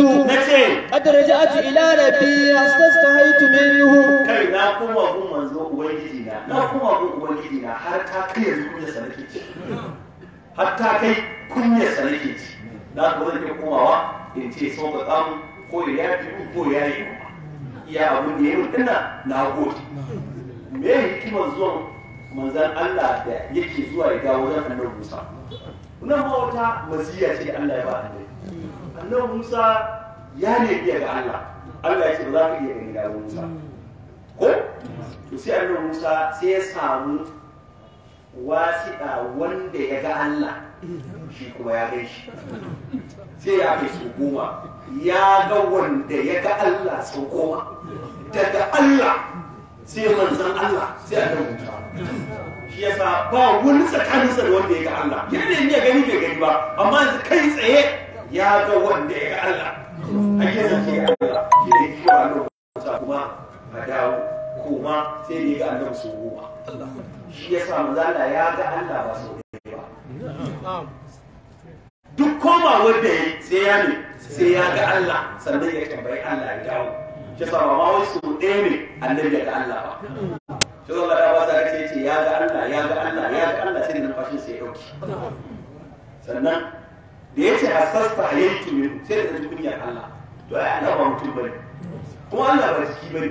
قد رجعت إلى ربي استستحيت منه كي لا قوة هم منزوء ويجدنا لا قوة هم ويجدنا حتى كي يزمون يسالكي حتى كي كن يسالكي لا قوة هم قوة إن تي صوت الأم قوة يابي قوة يابي يا أبو نيرو إنا لا قوة ما هي كما زوم manzan Allah da yake zuwa ya ga wajen annabi Musa nan ma wata maziya ce Allah ya ba annabi annabi Musa ya ne biya ga Allah Allah ya ce ba za ka iya ganin ga Musa ko to sai annabi Musa sai ya samu wasiɗa wanda ya ga Allah shi kuma ya gan shi sai ya fi su goma ya ga wanda ya ga Allah sau goma daga Allah sai manzan Allah sai a rubuta shi yasa ba wani tsakaninsa da wanda ya ga Allah ya ne ya gani bai gani ba amma yanzu kai tsaye ya ga wanda ya ga Allah a gefen ke Allah shi ne kiwa lokuta kuma a dawo kuma sai ne ga Allah su goma shi yasa manzala ya ga Allah ba sau ɗaya ba duk koma wanda ya sai ya ne sai ya ga Allah sannan ya tambayi Allah ya dawo shi ba ma wai su ɗaya ne annabi ya ga Allah ba shi sa Allah ya ba sa ce ce ya ga Allah ya ga Allah ya ga Allah sai numfashin sai ya dauki sannan da ya ce asasta hayaitu min sai da ɗan kunyar Allah to ai Allah ba mutum ba ne, kuma Allah ba jiki bane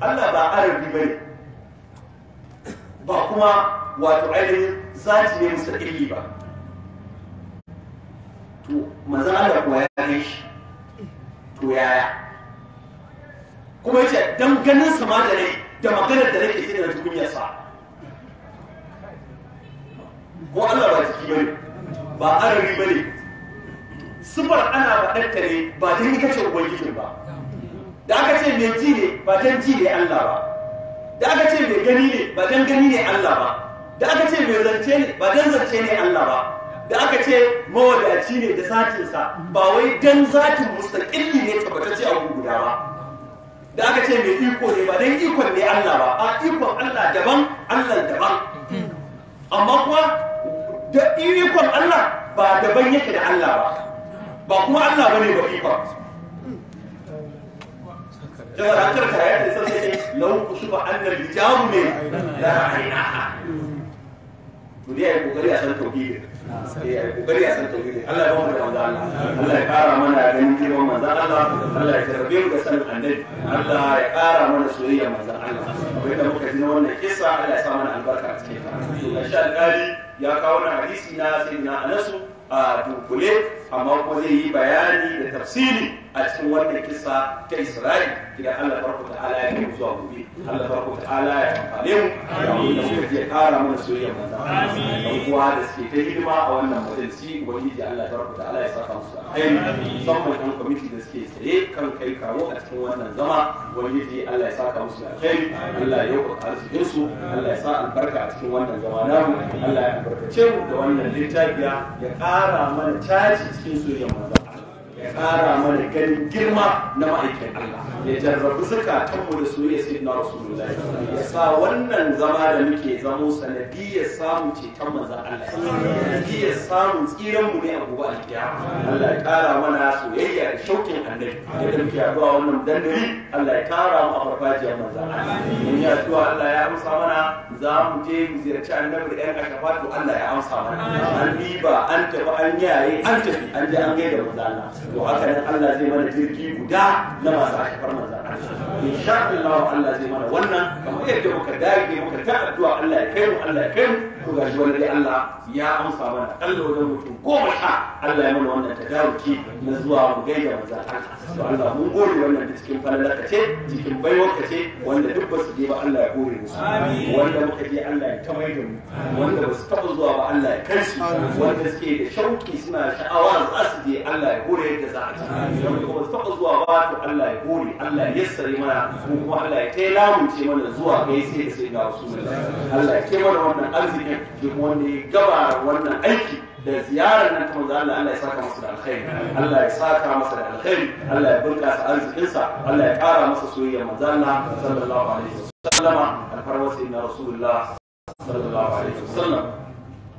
Allah ba arabi bane ba kuma wato ainihin zati ne mustaqilli ba to manzon Allah kuwa ya kai shi to yaya kuma yace dan ganin sa ma da rai da maganar da nake sai da tukunyar sa ko Allah ba jiki bane ba arabi bane sifar ana faɗar ne ba dan ita ce ubangijin ba da aka ce mai ji ne ba dan ji ne Allah ba da aka ce mai gani ne ba dan gani ne Allah ba da aka ce mai zance ne ba dan zance ne Allah ba da aka ce mawadaci ne da satinsa ba wai dan zatin mustaƙilli ne tabbatacce a guda ba da aka ce mai iko ne ba don ikon ne Allah ba a ikon Allah daban Allah daban amma kuwa da ikon Allah ba daban yake da Allah ba ba kuma Allah bane ba ikon da wadakar ta yadda sai sai lau kusuba annal hijabu ne la ilaha to ne ai kokari a san tauhidin eh ai kokari a san tauhidin Allah ya bamu da manzo Allah Allah ya kara mana da ganin girman manzo Allah Allah ya tarbe mu da san annabi Allah ya kara mana soyayya manzo Allah bai da muka ji wannan kissa Allah ya sa mana albarka a cikin ta to insha Allah ya kawo na hadisi na sayyidina Anas a dunkule amma ko zai yi bayani da tafsiri a cikin wannan kisa ta Isra'i idan Allah barku Ala ya kai zuwa gobe Allah barku Ala ya amfane mu da mu da kara mana soyayya manzo amin kuwa da suke ta hidima a wannan majalisi ubangiji Allah barku ala ya saka musu amin musamman kan kwamiti da suke tsaye kan kai kawo a cikin wannan zama ubangiji Allah ya saka musu alkhairi, Allah ya yauka arzikin su Allah ya sa albarka a cikin wannan zama namu Allah ya albarkace mu da wannan littafiya ya kara mana caji 清水养的。ya ƙara mana ganin girma na ma'aikin Allah ya jarrabu zukatanmu da ya sai na Rasulullahi ya sa wannan zama da muke zamo sanadiyar samun ceton manzan Allah sanadiyar samun tsiran mu ne a gobe alkiya Allah ya ƙara mana soyayya da shauƙin annabi da muke yaduwa wannan dandali Allah ya ƙara mu a farfajiyar manzan Allah in ya tuwa Allah ya amsa mana za mu je mu ziyarci annabi da ɗan to Allah ya amsa mana an riba an tafi an yaye an tafi an je an gaida manzan Allah to haka nan Allah zai mana jirgi guda na masu haifar manzo insha Allah Allah zai mana wannan kamar yadda muka dage muka ta addu'a Allah ya kai mu Allah ya kai mu to gashi wani dai Allah ya amsa mana kalla wajen mutum goma sha Allah ya mana wannan tadarruki na zuwa mu gaida manzo to Allah mun gode wannan da cikin falalarka ce cikin baiwarka ce wanda duk ba su je ba Allah ya gore musu wanda muka je Allah ya tamai da mu wanda ba su taba zuwa ba Allah ya kai su wanda suke da shauki suna sha'awa za su je Allah ya gore yadda za a ci wanda ba su taba zuwa ba to Allah ya gore Allah ya yassare mana kuma Allah ya kai ce mana zuwa gaishe da sai ga wasu Allah ya kai mana wannan arziki domin wanda ya gaba wannan aiki da ziyarar nan ta manzo Allah Allah ya saka masa da alkhairi Allah ya saka masa da alkhairi Allah ya bunƙasa arzikinsa Allah ya ƙara masa soyayya manzo Allah sallallahu alaihi wasallama alfarwa sayyidina rasulullah sallallahu alaihi wasallam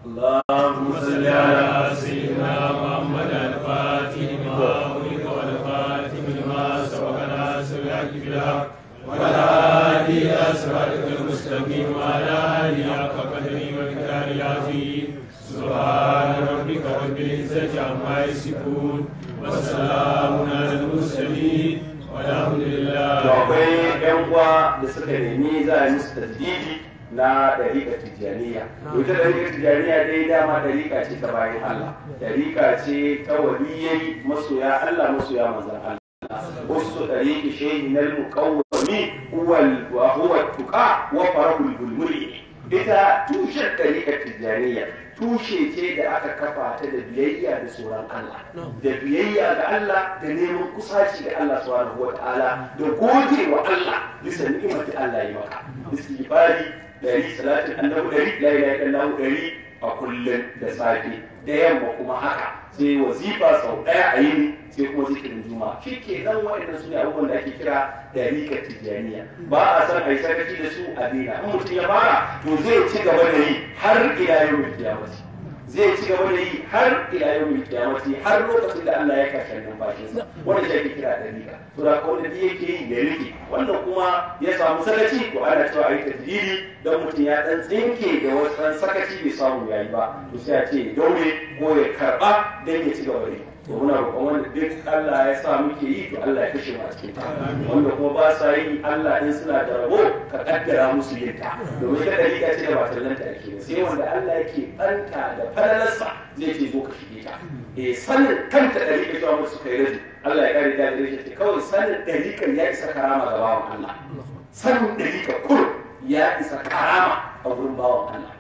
اللهم صل على سيدنا محمد الفاتح لما أغلق والخاتم لما سبق ناصر الحق بالحق والهادي إلى صراطك المستقيم وعلى آله ربك رب العزة عما يصفون وسلام على المرسلين والحمد لله. akwai yan uwa da suka nemi za a musu tasdidi na dariƙa tijjaniya. Ita dariƙa tijjaniya dai dama dariƙa ce ta bayan Allah. Dariƙa ce ta waliyai masoya Allah masoya manzan Allah. بص طريق شيء المقوم هو وهو fara وفرق البلبلي إذا tushen طريقة تجارية tushe ce da aka kafa ta da biyayya da tsoron Allah da biyayya ga Allah da neman kusaci ga Allah subhanahu wataala da goje wa Allah bisa ni'imar da Allah ya maka istighfari dari salatin annabi dari la ilaha illallah dari a kullum da safe da yamma kuma haka sai wazifa sau ɗaya a yini sai kuma zikirin juma shi ke nan waɗannan su ne abubuwan da ake kira rika tijjaniya ba a san a yi sarkaci da su a dina in mutum ya fara to zai ci gaba da yi har ila yau da kiyamata zai ci gaba da yi har ila yau mai kiyamati har lokacin da Allah ya kashe numfashinsa wanda shi kira da rika to da da yake yi ya rike wannan kuma ya samu sakaci ko ana cewa ayi tadiri dan mutum ya dan tsinke da wasu sakaci bai samu yayi ba to sai ya ce daure ko ya karba dan ya ci gaba da yi to muna roƙon wanda duk Allah ya sa muke yi to Allah ya kashe mu a cikin ta wanda kuma ba sa yi Allah in suna da rabo ka kaddara musu yin ta domin ka dalika ce da ba tallanta ake sai wanda Allah yake banta da falalarsa zai ce zo ka shige ta eh sanin kanta dalika cewa musu kai rabi Allah ya kare dalika ce kawai sanin dalika ya isa karama ga bawan Allah sanin ka kur ya isa karama a gurin bawan Allah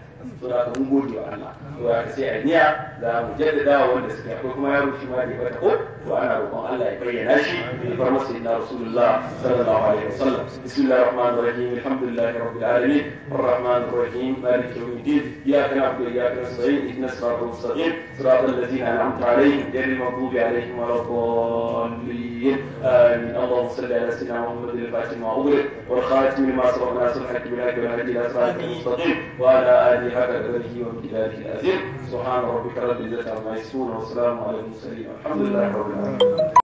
saboda mun gode wa Allah saboda sai a niyya za mu jaddada wanda suke akwai kuma yaro shi ma da ya ko to ana roƙon Allah ya bayyana shi ya bar masa inna rasulullah sallallahu alaihi wasallam bismillahir rahmanir rahim alhamdulillahi rabbil alamin arrahmanir rahim maliki yawmiddin iyyaka na'budu wa iyyaka nasta'in ihdinas siratal mustaqim siratal ladzina an'amta alaihim ghayril maghdubi alaihim waladdallin آمين اللهم صل على سيدنا محمد الفاتح ما أغلق والخاتم لما سبق ناصر الحق بالحق والهدي إلى صراط المستقيم وعلى آله حق على قدره وامتداده العظيم سبحان ربك رب العزة عما يصفون وسلام على المرسلين والحمد لله رب العالمين